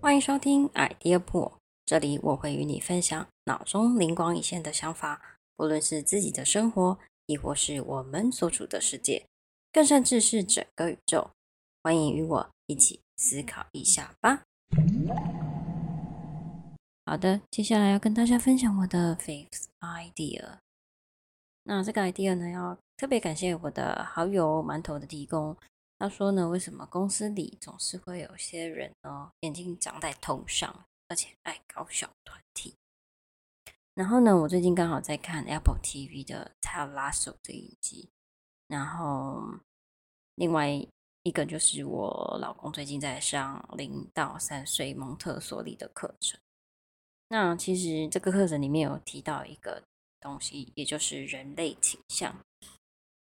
歡迎收聽《idea pool》，這裡我會與你分享腦中靈光一現的想法，不論是自己的生活，亦或是我們所處的世界，更甚至是整個宇宙。歡迎與我一起思考一下吧。好的，接下來要跟大家分享我的 fifth idea。那這個 idea 呢，要特別感謝我的好友饅頭的提供。他說呢，為什麼公司裡總是會有些人呢，眼睛長在頭上，而且愛搞小團體。然後呢，我最近剛好在看 Apple TV 的《Ted Lasso》這一集。然後另外一個就是我老公最近在上零到三歲蒙特梭利的課程。那其實這個課程裡面有提到一個東西，也就是人類傾向，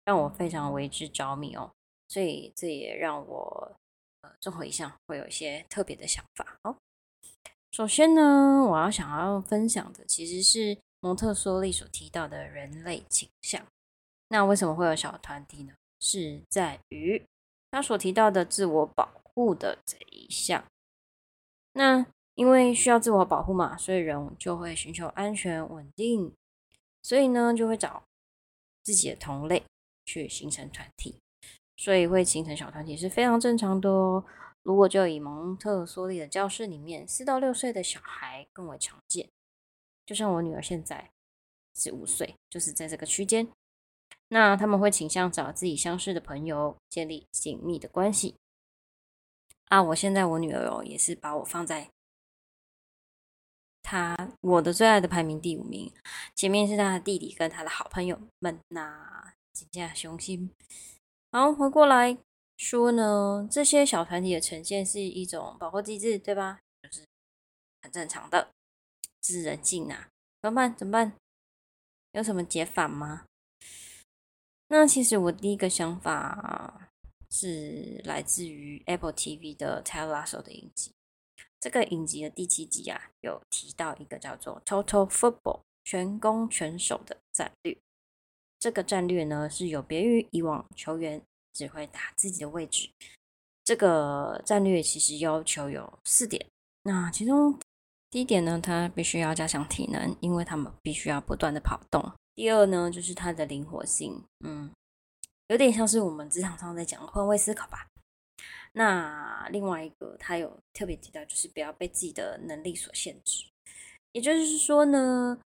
讓我非常為之着迷哦。所以這也讓我呃、綜合一下，會有一些特別的想法。好，首先呢，我要想要分享的其實是蒙特梭利所提到的人類傾向。那為什麼會有小團體呢？是在於他所提到的自我保護的這一項。那因為需要自我保護嘛，所以人就會尋求安全穩定，所以呢就會找自己的同類去形成團體。所以會形成小團體是非常正常的哦。如果就以蒙特梭利的教室裡面，四到六歲的小孩更為常見。就像我女兒現在十五歲，就是在這個區間。那他們會傾向找自己相似的朋友，建立緊密的關係。啊，我現在我女兒哦，也是把我放在她我的最愛的排名第五名，前面是她的弟弟跟她的好朋友們。那請天雄心。好，回過來說呢，這些小團體的呈現是一種保護機制，對吧？就是很正常的，是人性啊，怎麼辦？怎麼辦？有什麼解法嗎？那其實我第一個想法是來自於 Apple TV 的《Ted Lasso》的影集，這個影集的第七集啊，有提到一個叫做 Total Football 全攻全守的戰略。這個戰略呢，是有別於以往球員只會打自己的位置。這個戰略其實要求有四點，那其中第一點呢，他必須要加強體能，因為他們必須要不斷的跑動。第二呢，就是他的靈活性，嗯，有點像是我們職場上在講換位思考吧。那另外一個，他有特別提到就是不要被自己的能力所限制，也就是說呢，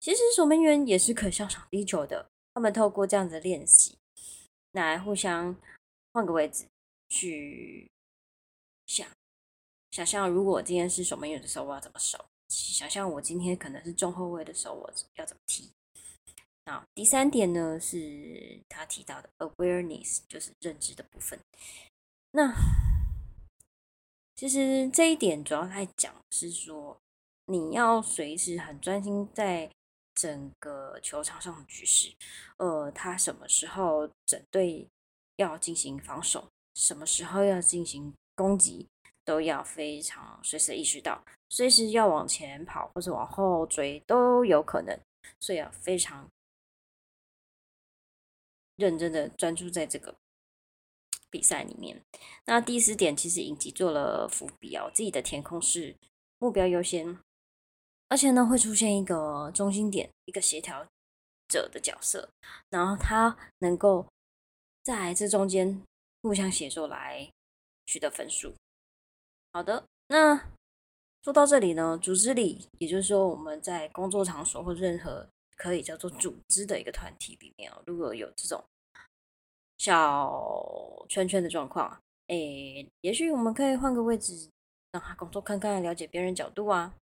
其實守門員也是可以上場踢球的。他們透過這樣子的練習，來互相換個位置去想，想象如果我今天是守門員的時候，我要怎麼守；想象我今天可能是中後衛的時候，我要怎麼踢。第三點呢，是他提到的 awareness，就是認知的部分。那其實這一點主要在講是說，你要隨時很專心在。整個球場上的局勢，呃，他什麼時候整隊要進行防守，什麼時候要進行攻擊，都要非常隨時意識到，隨時要往前跑或者往後追都有可能，所以要非常認真的專注在這個比賽裡面。那第四點，其實影集做了伏筆哦，自己的填空是目標優先。而且呢，會出現一個中心點，一個協調者的角色，然後他能夠在這中間互相協作來取得分數。好的，那說到這裡呢，組織裡，也就是說我們在工作場所或任何可以叫做組織的一個團體裡面哦，如果有這種小圈圈的狀況，誒，也許我們可以換個位置讓他工作看看，了解別人角度啊。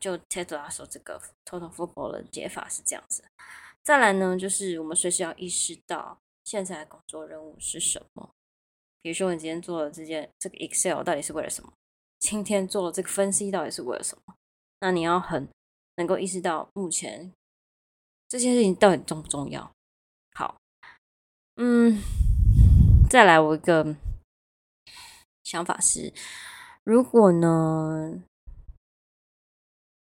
就 test 拉手這個 total football 的解法是這樣子。再來呢，就是我們隨時要意識到現在的工作任務是什麼？比如說，你今天做了這件這個 Excel，到底是為了什麼？今天做了這個分析，到底是為了什麼？那你要很能夠意識到，目前這件事情到底重不重要？好，嗯，再來我一個想法是，如果呢？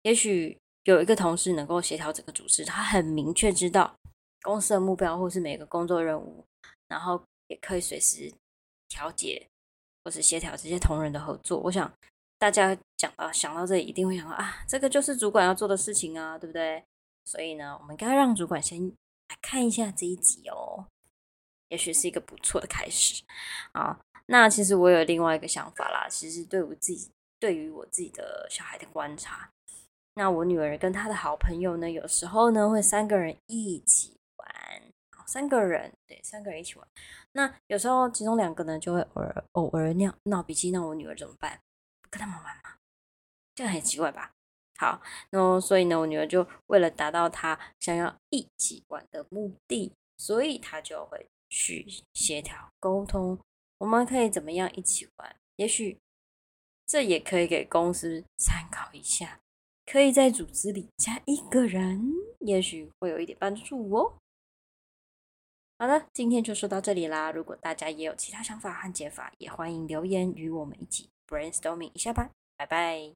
也許有一個同事能夠協調整個組織，他很明確知道公司的目標，或是每個工作任務，然後也可以隨時調節或是協調這些同仁的合作。我想大家講到想到這裡，一定會想到啊，這個就是主管要做的事情啊，對不對？所以呢，我們應該讓主管先來看一下這一集哦，也許是一個不錯的開始啊。那其實我有另外一個想法啦，其實對我自己對於我自己的小孩的觀察。那我女兒跟她的好朋友呢，有時候呢會三個人一起玩，好、哦，三個人，對，三個人一起玩。那有時候其中兩個呢就會偶爾偶爾那樣鬧脾氣，那我女兒怎麼辦？不跟他們玩嗎？這樣很奇怪吧？好，那所以呢，我女兒就為了達到她想要一起玩的目的，所以她就會去協調溝通，我們可以怎麼樣一起玩？也許這也可以給公司參考一下。可以在組織裡加一個人，也許會有一點幫助哦。好了，今天就說到這裡啦。如果大家也有其他想法和解法，也歡迎留言與我們一起 brainstorming 一下吧。拜拜。